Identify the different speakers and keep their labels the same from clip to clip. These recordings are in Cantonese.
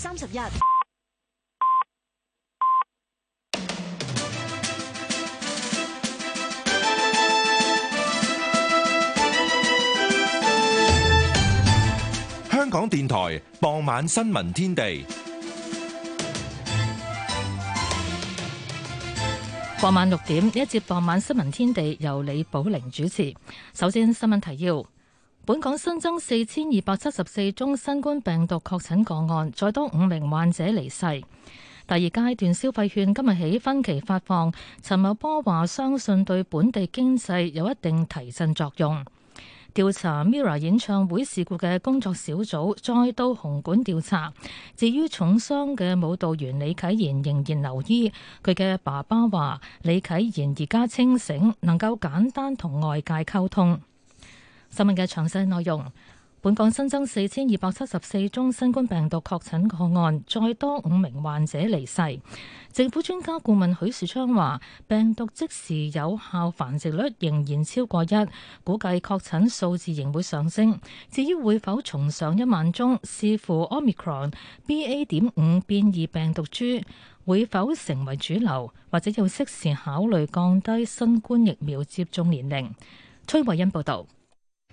Speaker 1: 三十
Speaker 2: 一。香港電台傍晚新聞天地。傍
Speaker 3: 晚六點，呢一節傍晚新聞天地由李寶玲主持。首先，新聞提要。本港新增四千二百七十四宗新冠病毒確診個案，再多五名患者離世。第二階段消費券今日起分期發放。陳茂波話相信對本地經濟有一定提振作用。調查 Mirror 演唱會事故嘅工作小組再到紅館調查。至於重傷嘅舞蹈員李啟賢仍然留醫。佢嘅爸爸話李啟賢而家清醒，能夠簡單同外界溝通。新聞嘅詳細內容。本港新增四千二百七十四宗新冠病毒確診個案，再多五名患者離世。政府專家顧問許樹昌話，病毒即時有效繁殖率仍然超過一，估計確診數字仍會上升。至於會否重上一萬宗，視乎 Omicron BA.5 變異病毒株會否成為主流，或者要適時考
Speaker 4: 慮降低新冠疫苗接種年齡。崔慧欣報道。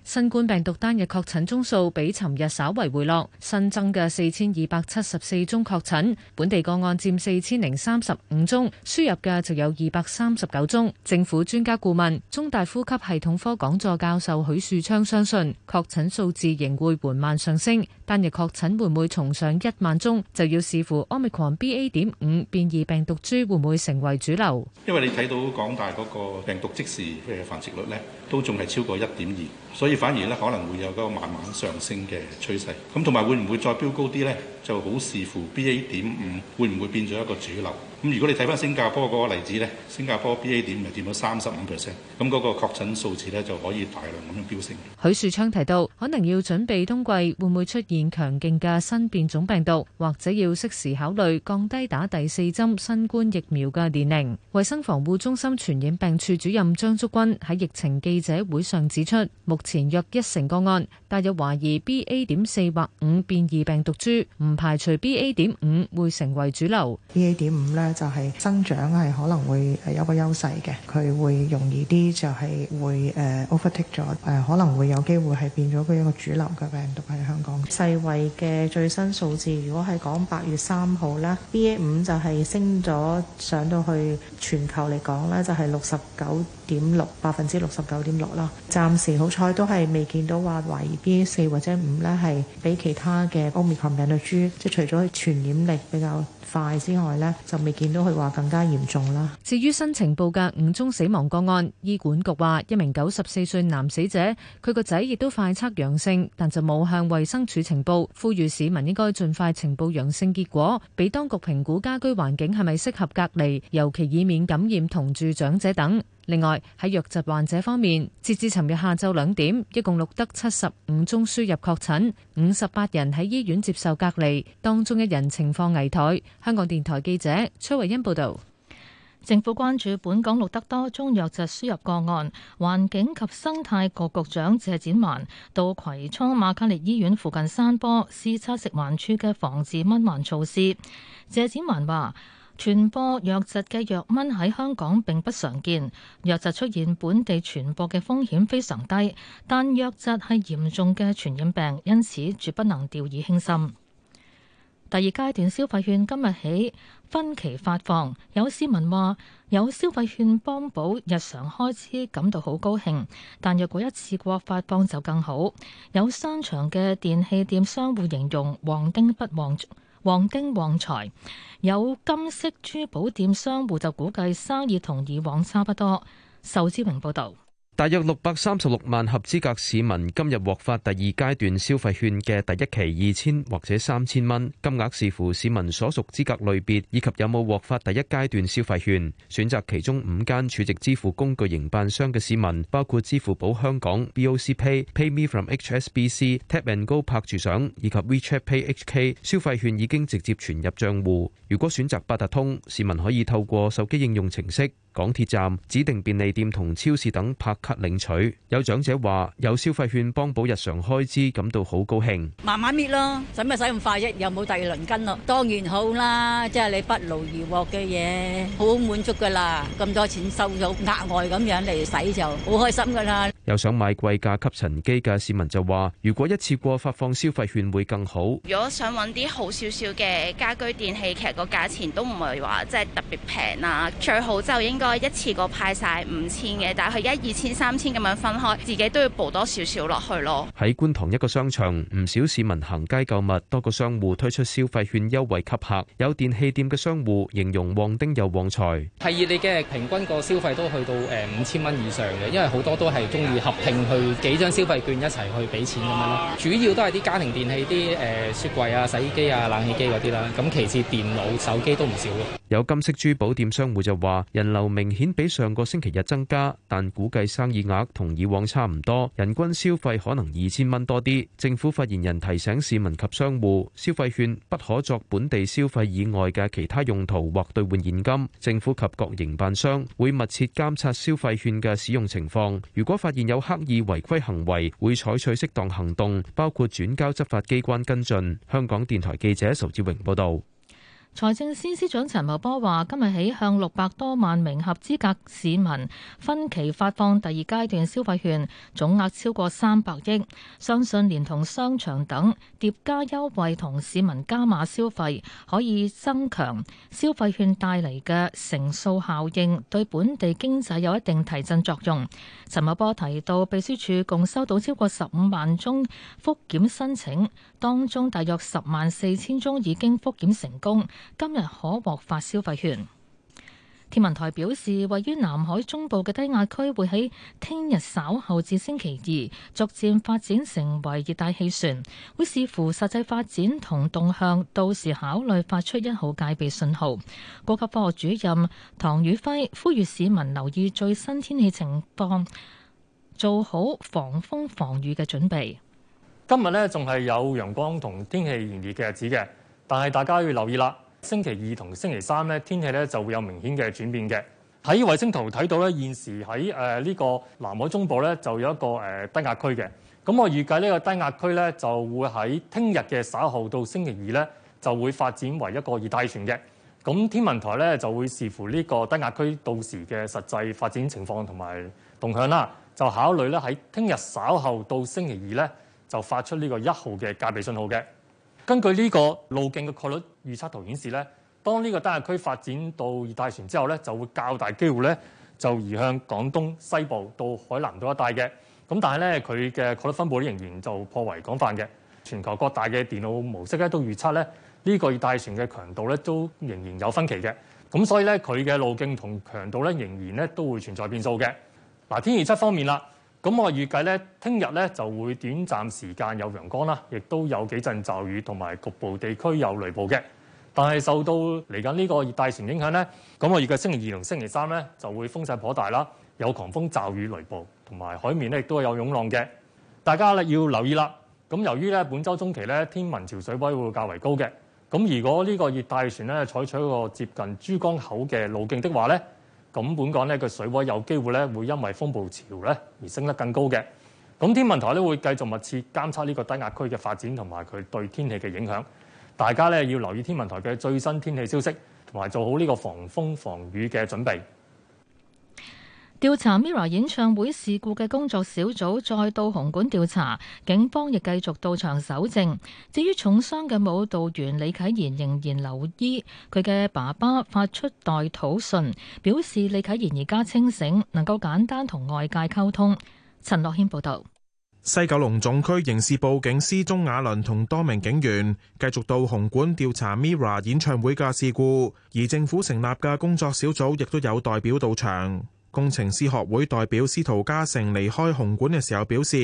Speaker 4: 新冠病毒單日確診宗數比尋日稍為回落，新增嘅四千二百七十四宗確診，本地個案占四千零三十五宗，輸入嘅就有二百三十九宗。政府專家顧問、中大呼吸系統科講座教授許樹昌相信，確診數字仍會緩慢上升，單日確診會唔會重上一萬宗，就要視乎 Omicron BA. 點五變異病毒株會唔會成為主流。
Speaker 1: 因為你睇
Speaker 2: 到港大嗰個病毒即時嘅繁殖率咧，都仲係超過一點二。所以反而咧可能會有一個慢慢上升嘅趨勢，咁同埋會唔會再飆高啲呢？就好視乎 B A 點五會唔會變咗一個主流。咁如果你睇翻新加坡嗰個例子呢，新加坡 B A 點五佔到三十五 percent，咁嗰個確診數字呢，就可以大量咁樣飆升。
Speaker 4: 許樹昌提到，可能要準備冬季會唔會出現強勁嘅新變種病毒，或者要適時考慮降低打第四針新冠疫苗嘅年齡。衞生防護中心傳染病處主任張竹君喺疫情記者會上指出，目前約一成個案大約懷疑 B A 點四或五變異病毒株。排除 B A. 點五會成為主流，B A. 點五咧就係增長係可能會有個優勢嘅，佢會容易啲就係會誒 overtake 咗誒，可能會有機會係變咗佢一個主流嘅病毒喺香港。世衞嘅最新數字，如果係講八月三號咧，B A. 五就係升咗上到去全球嚟講咧，就係六十九點六百分之六十九點六啦，暫時好彩都係未見到話懷疑 B 四或者五咧，係比其他嘅奧密克戎病毒株即除咗傳染力比較快之外咧，就未見到佢話更加嚴重啦。至於新情報嘅五宗死亡個案，醫管局話一名九十四歲男死者，佢個仔亦都快測陽性，但就冇向衛生署情報，呼籲市民應該盡快呈報陽性結果，俾當局評估家居環境係咪適合隔離，尤其以免感染同住長者等。另外喺瘧疾患者方面，截至尋日下晝兩點，一共錄得七十五宗輸入確診，五十八人喺醫院接受隔離，當中一人情況危殆。香港電台記者崔慧欣報道，政府關注本
Speaker 3: 港錄得多宗瘧疾輸入個案，環境及生態局局長謝展寰到葵涌瑪嘉烈醫院附近山坡視察食環署嘅防治蚊患措施。謝展寰話。傳播瘧疾嘅瘧蚊喺香港並不常見，瘧疾出現本地傳播嘅風險非常低，但瘧疾係嚴重嘅傳染病，因此絕不能掉以輕心。第二階段消費券今日起分期發放，有市民話有消費券幫補日常開支感到好高興，但若果一次過發放就更好。有商場嘅電器店商戶形容旺丁不旺。旺丁旺財，有金色珠寶店商戶就估計生意同以往差不多。仇志榮報道。
Speaker 5: 大約六百三十六萬合資格市民今日獲發第二階段消費券嘅第一期二千或者三千蚊，金額視乎市民所屬資格類別以及有冇獲發第一階段消費券。選擇其中五間儲值支付工具營辦商嘅市民，包括支付寶香港、BOC Pay、Pay Me From HSBC、Tap and Go 拍住上以及 WeChat Pay HK，消費券已經直接存入賬戶。如果選擇八達通，市民可以透過手機應用程式。港鐵站指定便利店同超市等拍卡領取。有長者話：有消費券幫補日常開支，感到好高興。
Speaker 6: 慢慢搣咯，使乜使咁快啫？又冇第二輪金咯，當然好啦。即係你不勞而獲嘅嘢，好滿足噶啦。咁多錢收咗額外咁樣嚟使就好開心噶啦。
Speaker 5: 又想買貴價吸塵機嘅市民就話：如果一次過發放消費券會更好。
Speaker 4: 如果想搵啲好少少嘅
Speaker 7: 家居電器，其實個價錢都唔係話即係特別平啦。最好就應該。再一次過派曬五千嘅，但係一、二千、三千咁樣分開，自己都要補多少少落去咯。
Speaker 5: 喺觀塘一個商場，唔少市民行街購物，多個商戶推出消費券優惠吸客。有電器店嘅商戶形容旺丁又旺財，
Speaker 8: 係熱烈嘅，平均個消費都去到誒五千蚊以上嘅，因為好多都係中意合併去幾張消費券一齊去俾錢咁樣咯。主要都係啲家庭電器，啲誒雪櫃啊、洗衣機啊、冷氣機嗰啲啦，咁其次電腦、手機都唔少。
Speaker 5: 有金飾珠寶店商戶就話人流，明顯比上個星期日增加，但估計生意額同以往差唔多，人均消費可能二千蚊多啲。政府發言人提醒市民及商戶，消費券不可作本地消費以外嘅其他用途或兌換現金。政府及各營辦商會密切監察消費券嘅使用情況，如果發現有刻意違規行為，會採取適當行動，包括轉交執法機關跟進。香港電台記者仇志榮報道。
Speaker 3: 財政司司長陳茂波話：今日起向六百多萬名合資格市民分期發放第二階段消費券，總額超過三百億。相信連同商場等疊加優惠，同市民加碼消費，可以增強消費券帶嚟嘅乘數效應，對本地經濟有一定提振作用。陳茂波提到，秘書處共收到超過十五萬宗復檢申請，當中大約十萬四千宗已經復檢成功。今日可獲發消費券。天文台表示，位於南海中部嘅低壓區會喺聽日稍後至星期二逐漸發展成為熱帶氣旋，會視乎實際發展同動向，到時考慮發出一號戒備信號。高級科學主任唐宇輝呼籲市民留意最新天氣情況，做好防風防雨嘅準
Speaker 2: 備。今日呢仲係有陽光同天氣炎熱嘅日子嘅，但係大家要留意啦。星期二同星期三咧，天氣咧就會有明顯嘅轉變嘅。喺衛星圖睇到咧，現時喺誒呢個南海中部咧，就有一個誒低壓區嘅。咁、呃、我預計呢個低壓區咧就會喺聽日嘅稍後到星期二咧就會發展為一個熱帶旋嘅。咁天文台咧就會視乎呢個低壓區到時嘅實際發展情況同埋動向啦，就考慮咧喺聽日稍後到星期二咧就發出呢個一號嘅戒備信號嘅。根據呢個路徑嘅概率預測圖顯示咧，當呢個低壓區發展到熱帶船之後咧，就會較大機會咧，就移向廣東西部到海南島一帶嘅。咁但係咧，佢嘅概率分布仍然就頗為廣泛嘅。全球各大嘅電腦模式咧都預測咧，這個、帶呢個熱帶船嘅強度咧都仍然有分歧嘅。咁所以咧，佢嘅路徑同強度咧仍然咧都會存在變數嘅。嗱，天氣預測方面啦，咁我預計咧，聽日咧就會短暫時間有陽光啦，亦都有幾陣驟雨同埋局部地區有雷暴嘅。但係受到嚟緊呢個熱帶氣旋影響呢，咁我而嘅星期二同星期三呢就會風勢頗大啦，有狂風、驟雨、雷暴，同埋海面呢亦都有湧浪嘅。大家咧要留意啦。咁由於咧本周中期咧天文潮水位會較為高嘅，咁如果呢個熱帶氣旋咧採取一個接近珠江口嘅路徑的話呢，咁本港呢個水位有機會咧會因為風暴潮咧而升得更高嘅。咁天文台都會繼續密切監測呢個低壓區嘅發展同埋佢對天氣嘅影響。大家咧要留意天文台嘅最新天氣消息，同埋做好呢個防風防雨嘅準備。
Speaker 3: 調查 MIRROR 演唱會事故嘅工作小組再到紅館調查，警方亦繼續到場搜證。至於重傷嘅舞蹈員李啟言仍然留醫，佢嘅爸爸發出代禱信，表示李啟言而家清醒，能夠簡單同外界溝通。陳樂軒報導。
Speaker 1: 西九龍總區刑事部警司鍾雅倫同多名警員繼續到紅館調查 MIRROR 演唱會嘅事故，而政府成立嘅工作小組亦都有代表到場。工程師學會代表司徒嘉誠離開紅館嘅時候表示，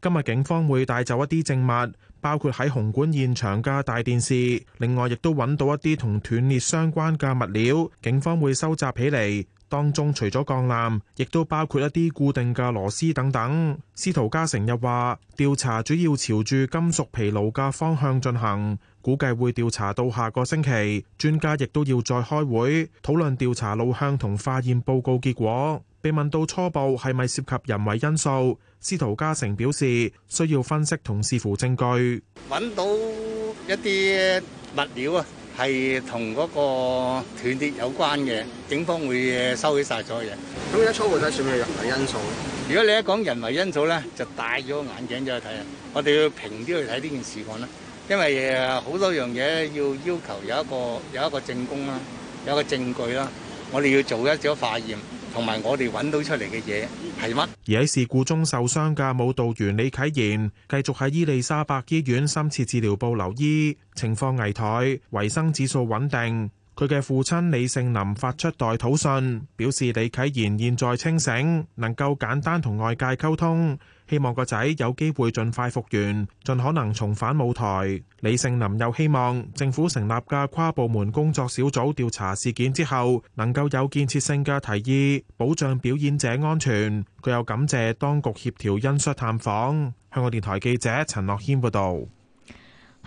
Speaker 1: 今日警方會帶走一啲證物，包括喺紅館現場嘅大電視，另外亦都揾到一啲同斷裂相關嘅物料，警方會收集起嚟。當中除咗鋼纜，亦都包括一啲固定嘅螺絲等等。司徒嘉成又話，調查主要朝住金屬疲勞嘅方向進行，估計會調查到下個星期。專家亦都要再開會討論調查路向同化驗報告結果。被問到初步係咪涉及人為因素，司徒嘉成表示需要分析同視乎證據，
Speaker 8: 揾到一啲物料啊。係同嗰個斷裂有關嘅，警方會收起晒所有嘢。咁一初步睇，
Speaker 2: 算唔算人
Speaker 8: 為因素咧？如果你一講人為因素咧，就戴咗眼鏡就去睇啊！我哋要平啲去睇呢件事案啦，因為好多樣嘢要要求有一個有一個證供啦，有一個證據啦，我哋要做一組化驗。同埋我哋揾到出嚟嘅嘢係乜？
Speaker 1: 而喺事故中受傷嘅舞蹈員李啟賢，繼續喺伊利沙伯醫院深切治療部留醫，情況危殆，維生指數穩定。佢嘅父親李盛林發出代禱信，表示李啟言現在清醒，能夠簡單同外界溝通，希望個仔有機會盡快復原，盡可能重返舞台。李盛林又希望政府成立嘅跨部門工作小組調查事件之後，能夠有建設性嘅提議，保障表演者安全。佢又感謝當局協調恩恤探訪。香港電台記者陳樂軒報導。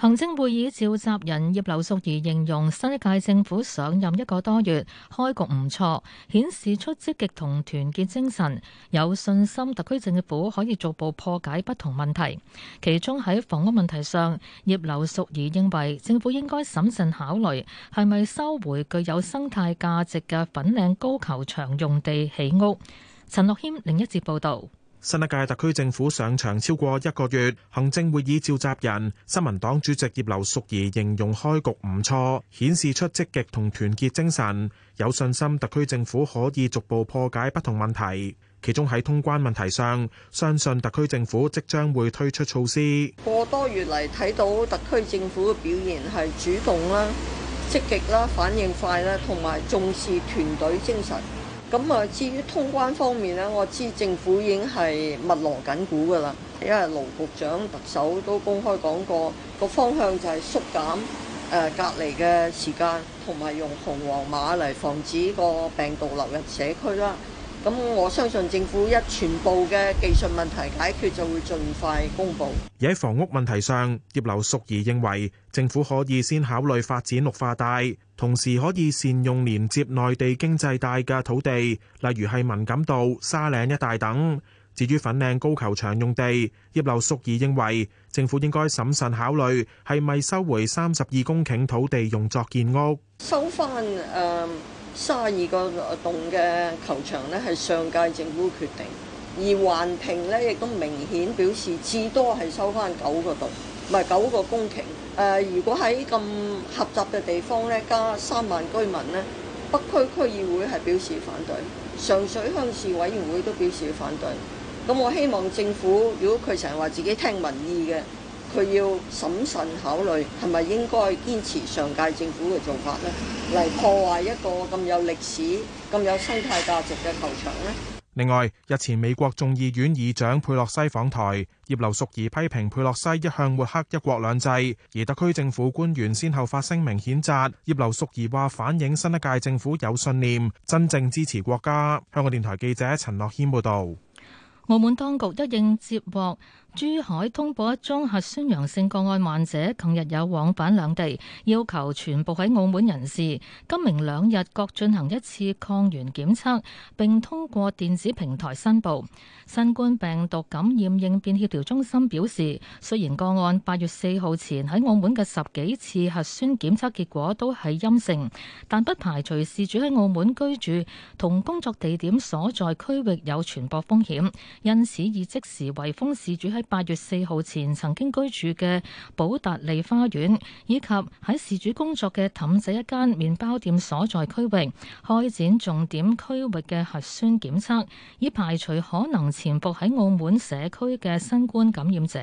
Speaker 3: 行政會議召集人葉劉淑儀形容新一屆政府上任一個多月，開局唔錯，顯示出積極同團結精神，有信心特區政府可以逐步破解不同問題。其中喺房屋問題上，葉劉淑儀認為政府應該審慎考慮係咪收回具有生態價值嘅粉嶺高球場用地起屋。陳樂謙另一節報導。
Speaker 1: 新一屆特區政府上場超過一個月，行政會議召集人、新民黨主席葉劉淑儀形容開局唔錯，顯示出積極同團結精神，有信心特區政府可以逐步破解不同問題。其中喺通關問題上，相信特區政府即將會推出措施。
Speaker 6: 個多月嚟睇到特區政府嘅表現係主動啦、積極啦、反應快啦，同埋重視團隊精神。咁啊，至於通關方面咧，我知政府已經係密鑼緊鼓㗎喇，因為盧局長、特首都公開講過個方向就係縮減誒隔離嘅時間，同埋用紅黃碼嚟防止個病毒流入社區啦。咁我相信政府一全部嘅技術問題解決就會盡快公布。
Speaker 1: 而喺房屋問題上，葉劉淑儀認為政府可以先考慮發展綠化帶，同時可以善用連接內地經濟帶嘅土地，例如係文錦渡、沙嶺一帶等。至於粉嶺高球場用地，葉劉淑儀認為政府應該審慎考慮係咪收回三十二公頃土地用作建屋。
Speaker 6: 三十二個洞嘅球場呢係上屆政府決定，而環評呢亦都明顯表示至多係收翻九個洞，唔係九個公頃。誒、呃，如果喺咁狹窄嘅地方呢，加三萬居民呢，北區區議會係表示反對，上水鄉事委員會都表示反對。咁我希望政府，如果佢成日話自己聽民意嘅。佢要審慎考慮係咪應該堅持上屆政府嘅做法呢，嚟破壞一個咁有歷史、咁有生態價值嘅球場
Speaker 1: 呢？另外，日前美國眾議院議長佩洛西訪台，葉劉淑儀批評佩洛西一向抹黑一國兩制，而特區政府官員先後發聲明譴責。葉劉淑儀話反映新一屆政府有信念，真正支持國家。香港電台記者陳樂軒報導。
Speaker 3: 澳門當局一應接獲珠海通報一宗核酸陽性個案，患者近日有往返兩地，要求全部喺澳門人士今明兩日各進行一次抗原檢測，並通過電子平台申報。新冠病毒感染應變協調中心表示，雖然個案八月四號前喺澳門嘅十幾次核酸檢測結果都係陰性，但不排除事主喺澳門居住同工作地點所在區域有傳播風險。因此，已即時圍封事主喺八月四號前曾經居住嘅寶達利花園以及喺事主工作嘅氹仔一間麵包店所在區域，開展重點區域嘅核酸檢測，以排除可能潛伏喺澳門社區嘅新冠感染者。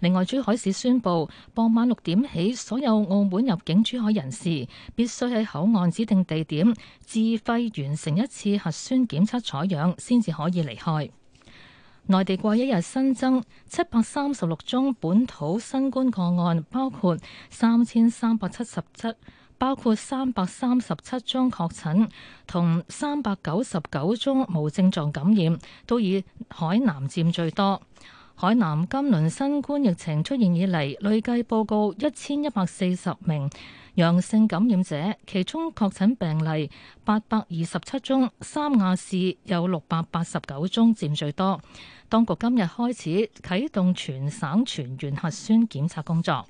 Speaker 3: 另外，珠海市宣布，傍晚六點起，所有澳門入境珠海人士必須喺口岸指定地點自費完成一次核酸檢測採樣先至可以離開。內地過一日新增七百三十六宗本土新冠個案，包括三千三百七十七，包括三百三十七宗確診，同三百九十九宗無症狀感染，都以海南佔最多。海南今輪新冠疫情出現以嚟，累計報告一千一百四十名陽性感染者，其中確診病例八百二十七宗。三亞市有六百八十九宗佔最多。當局今日開始啟動全省全員核酸檢測工作。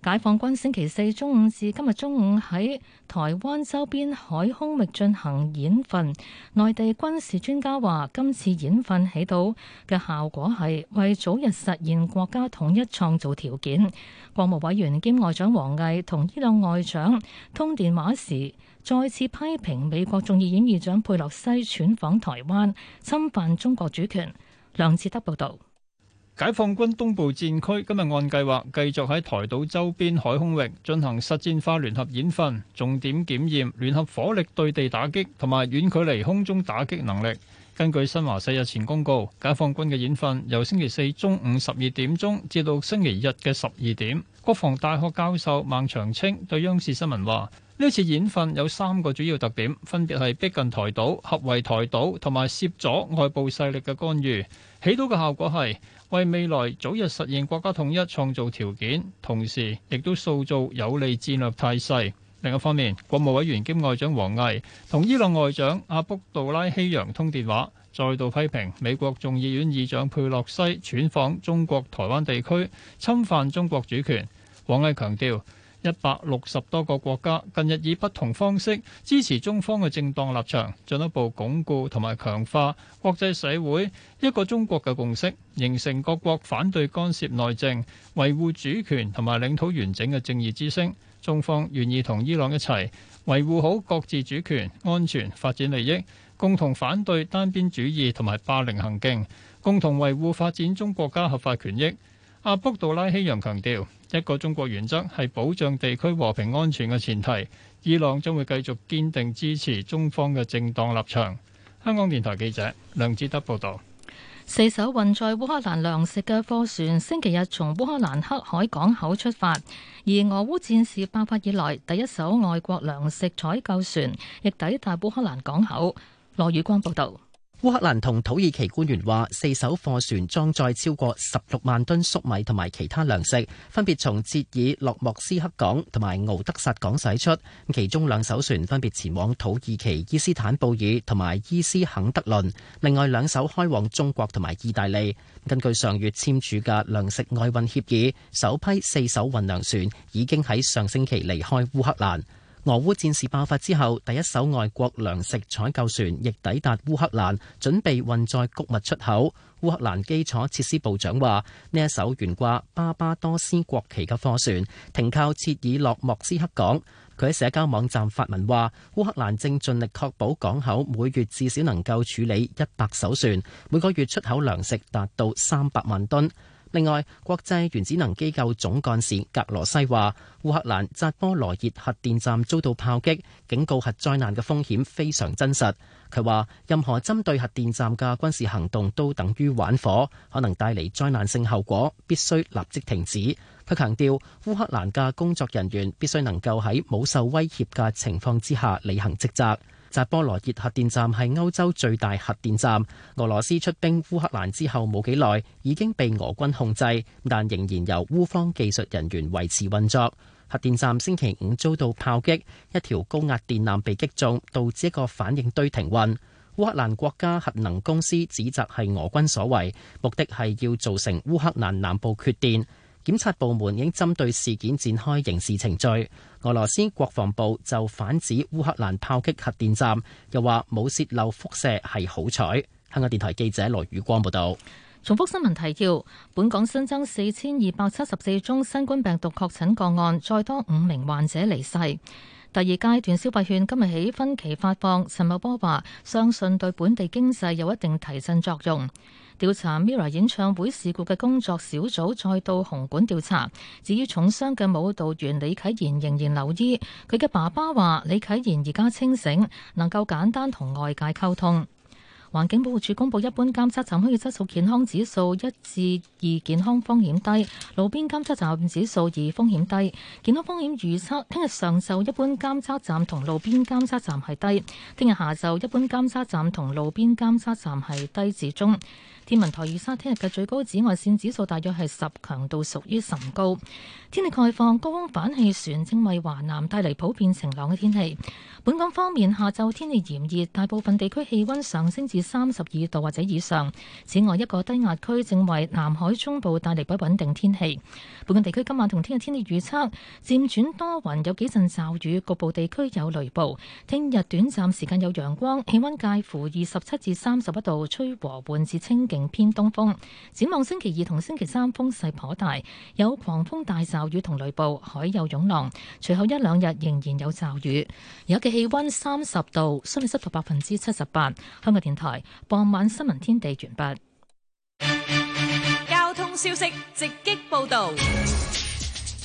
Speaker 3: 解放軍星期四中午至今日中午喺台灣周邊海空域進行演訓。內地軍事專家話：今次演訓起到嘅效果係為早日實現國家統一創造條件。國務委員兼外長王毅同伊朗外長通電話時，再次批評美國眾議院議長佩洛西竄訪台灣，侵犯中國主權。梁志德報道。
Speaker 8: 解放軍東部戰區今日按計劃繼續喺台島周邊海空域進行實戰化聯合演訓，重點檢驗聯合火力對地打擊同埋遠距離空中打擊能力。根據新華社日前公告，解放軍嘅演訓由星期四中午十二點鐘至到星期日嘅十二點。國防大學教授孟祥青對央視新聞話：呢次演訓有三個主要特點，分別係逼近台島、合圍台島同埋懾阻外部勢力嘅干預，起到嘅效果係。為未來早日實現國家統一創造條件，同時亦都塑造有利戰略態勢。另一方面，國務委員兼外長王毅同伊朗外長阿卜杜拉希揚通電話，再度批評美國眾議院議長佩洛西竄訪中國台灣地區，侵犯中國主權。王毅強調，一百六十多個國家近日以不同方式支持中方嘅正當立場，進一步鞏固同埋強化國際社會一個中國嘅共識，形成各國反對干涉內政、維護主權同埋領土完整嘅正義之聲，中方願意同伊朗一齊維護好各自主權安全、發展利益，共同反對單邊主義同埋霸凌行徑，共同維護發展中國家合法權益。阿卜杜拉希揚強調，一個中國原則係保障地區和平安全嘅前提。伊朗將會繼續堅定支持中方嘅正當立場。香港電台記者梁志德報道。
Speaker 3: 四艘運載烏克蘭糧食嘅貨船星期日從烏克蘭黑海港口出發，而俄烏戰事爆發以來第一艘外國糧食採購船亦抵達烏克蘭港口。羅宇光報道。
Speaker 9: 烏克蘭同土耳其官員話，四艘貨船裝載超過十六萬噸粟米同埋其他糧食，分別從捷爾諾莫斯克港同埋敖德薩港駛出。其中兩艘船分別前往土耳其伊斯坦布爾同埋伊斯肯德倫，另外兩艘開往中國同埋意大利。根據上月簽署嘅糧食外運協議，首批四艘運糧船已經喺上星期離開烏克蘭。俄烏戰事爆發之後，第一艘外國糧食採購船亦抵達烏克蘭，準備運載谷物出口。烏克蘭基礎設施部長話：呢一艘懸掛巴巴多斯國旗嘅貨船停靠切爾諾莫斯克港。佢喺社交網站發文話：烏克蘭正盡力確保港口每月至少能夠處理一百艘船，每個月出口糧食達到三百萬噸。另外，國際原子能機構總幹事格羅西話，烏克蘭扎波羅熱核電站遭到炮擊，警告核災難嘅風險非常真實。佢話，任何針對核電站嘅軍事行動都等於玩火，可能帶嚟災難性後果，必須立即停止。佢強調，烏克蘭嘅工作人員必須能夠喺冇受威脅嘅情況之下履行職責。扎波羅熱核電站係歐洲最大核電站。俄羅斯出兵烏克蘭之後冇幾耐，已經被俄軍控制，但仍然由烏方技術人員維持運作。核電站星期五遭到炮擊，一條高壓電纜被擊中，導致一個反應堆停運。烏克蘭國家核能公司指責係俄軍所為，目的係要造成烏克蘭南部缺電。檢察部門已經針對事件展開刑事程序。俄羅斯國防部就反指烏克蘭炮擊核電站，又話冇洩漏輻射係好彩。香港電台記者羅宇光報道。重複新聞提要：本港新增
Speaker 3: 四千二百七十四宗新冠病毒確診個案，再多五名患者離世。第二階段消費券今日起分期發放，陳茂波話，相信對本地經濟有一定提振作用。調查 Mirror 演唱會事故嘅工作小組再到紅館調查。至於重傷嘅舞蹈員李啟賢仍然留醫，佢嘅爸爸話李啟賢而家清醒，能夠簡單同外界溝通。環境保護署公布一般監測站空氣質素健康指數一至二，健康風險低；路邊監測站指數二，風險低。健康風險預測聽日上晝一般監測站同路邊監測站係低，聽日下晝一般監測站同路邊監測站係低至中。天文台預測聽日嘅最高紫外線指數大約係十，強度屬於甚高。天氣概況：高空反氣旋正為華南帶嚟普遍晴朗嘅天氣。本港方面，下晝天氣炎熱，大部分地區氣溫上升至。三十二度或者以上。此外，一個低壓區正為南海中部帶嚟不穩定天氣。本港地區今晚同聽日天氣預測漸轉多雲，有幾陣驟雨，局部地區有雷暴。聽日短暫時間有陽光，氣温介乎二十七至三十一度，吹和緩至清勁偏東風。展望星期二同星期三風勢頗大，有狂風大驟雨同雷暴，海有湧浪。隨後一兩日仍然有驟雨，而家嘅氣温三十度，室內濕度百分之七十八。香港電台。傍晚新聞天地完播，
Speaker 4: 交通消息直擊報道。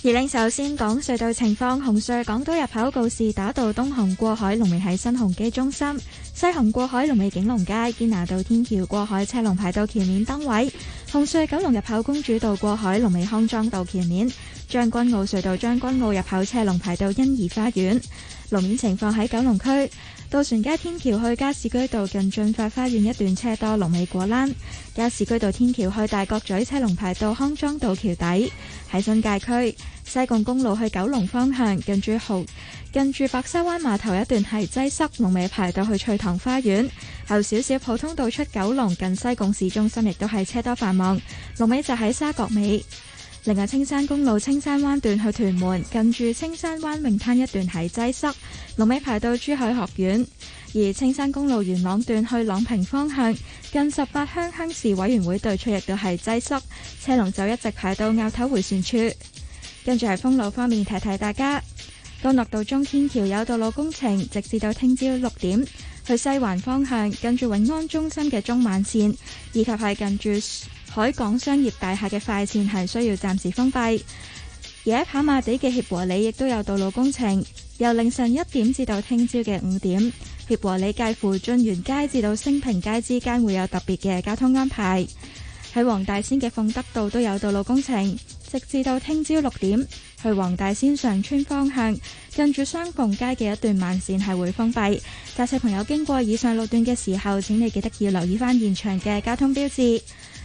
Speaker 7: 而家首先講隧道情況。紅隧港島入口告士打道東行過海龍尾喺新鴻基中心，西行過海龍尾景隆街。堅拿道天橋過海車龍排到橋面燈位。紅隧九龍入口公主道過海龍尾康莊道橋面。將軍澳隧道將軍澳入口車龍排到欣怡花園。路面情況喺九龍區。渡船街天橋去加士居道近駿發花園一段車多，龍尾果欄；加士居道天橋去大角咀車龍排到康莊道橋底，喺新界區西貢公路去九龍方向近住豪近住白沙灣碼頭一段係擠塞，龍尾排到去翠塘花園後少少，普通道出九龍近西貢市中心亦都係車多繁忙，龍尾就喺沙角尾。另外，青山公路青山灣段去屯門，近住青山灣泳灘一段係擠塞，龍尾排到珠海學院；而青山公路元朗段去朗屏方向，近十八鄉鄉事委員會對出亦都係擠塞，車龍就一直排到坳頭回旋處。跟住係封路方面，提提大家，到樂道中天橋有道路工程，直至到聽朝六點；去西環方向，近住永安中心嘅中慢線，以及係近住。海港商業大廈嘅快線係需要暫時封閉，而喺跑馬地嘅協和里亦都有道路工程，由凌晨一點至到聽朝嘅五點。協和里介乎晉源街至到昇平街之間會有特別嘅交通安排。喺黃大仙嘅鳳德道都有道路工程，直至到聽朝六點去黃大仙上村方向，近住雙鳳街嘅一段慢線係會封閉。駕駛朋友經過以上路段嘅時候，請你記得要留意返現場嘅交通標誌。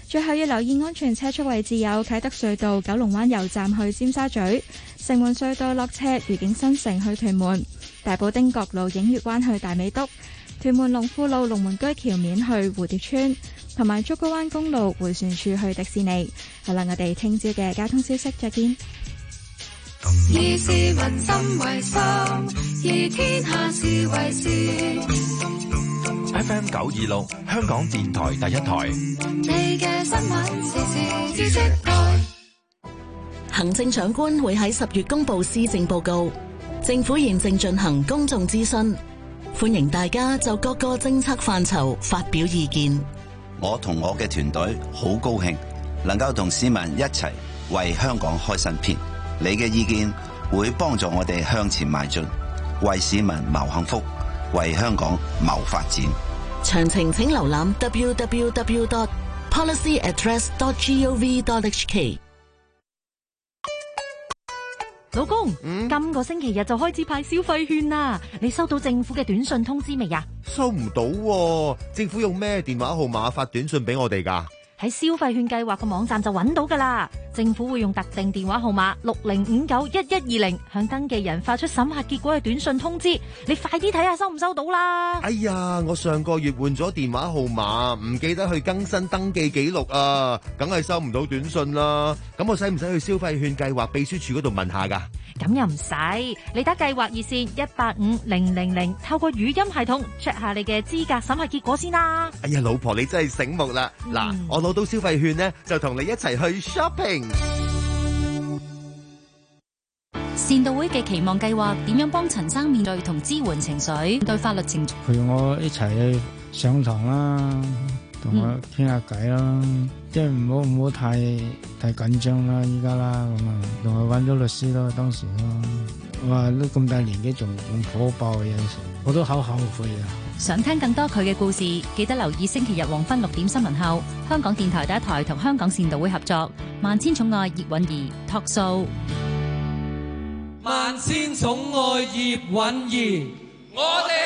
Speaker 7: 最後要留意安全車速位置，有啟德隧道九龍灣油站去尖沙咀、城門隧道落車愉景新城去屯門、大埔汀角路映月灣去大美督、屯門龍富路龍門居橋面去蝴蝶村，同埋竹篙灣公路回旋處去迪士尼。好啦，我哋聽朝嘅交通消息，再見。
Speaker 1: 以
Speaker 2: FM 九二六，香港電台第一台。謝
Speaker 1: 謝謝
Speaker 3: 謝，行政長官會喺十月公布施政報告，政府現正進行公眾諮詢，歡迎大家就各個政策範疇發表
Speaker 5: 意見。我同我嘅團隊好高興，能夠同市民一齊為香港開新篇。你嘅意見會幫助我哋向前邁進，為市民謀幸福，為香港謀發展。
Speaker 6: 詳情請
Speaker 3: 瀏
Speaker 4: 覽 www.policyaddress.gov.hk。老公，嗯、今個星期日就開始派消費券啦，你收到政府嘅短信通知未啊？
Speaker 2: 收唔到，政府用咩電話號碼發短信俾我哋噶？
Speaker 4: 喺消費券計劃個網站就揾到噶啦，政府會用特定電話號碼六零五九一一二零向登記人發出審核結果嘅短信通知，你快啲睇下收唔收到啦。
Speaker 2: 哎呀，我上個月換咗電話號碼，唔記得去更新登記記錄啊，梗係收唔到短信啦。咁我使唔使去消費券計劃秘書處嗰度問下噶？
Speaker 4: 咁又唔使，你得計劃熱線一八五零零零，000, 透過語音系統 check 下你嘅資格審核結果先啦。
Speaker 2: 哎呀，老婆你真係醒目啦！嗱、嗯，我攞到消費券呢，就同你一齊去
Speaker 4: shopping。善道會嘅期望計劃點樣幫陳生面對同支援情緒？嗯、對法律程序，
Speaker 8: 陪我一齊去上堂啦，同我傾下偈啦。嗯即係唔好唔好太太緊張啦，依家啦咁啊，同佢揾咗律師咯，當時咯，我話都咁大年紀
Speaker 9: 仲咁火爆嘅有陣時，我都好後悔啊！
Speaker 4: 想聽更多佢嘅故事，記得留意星期日黃昏六點新聞後，香港電台第一台同香港善導會合作《萬千寵愛葉韻儀》talk show。萬千
Speaker 2: 寵愛葉韻儀，
Speaker 4: 我哋。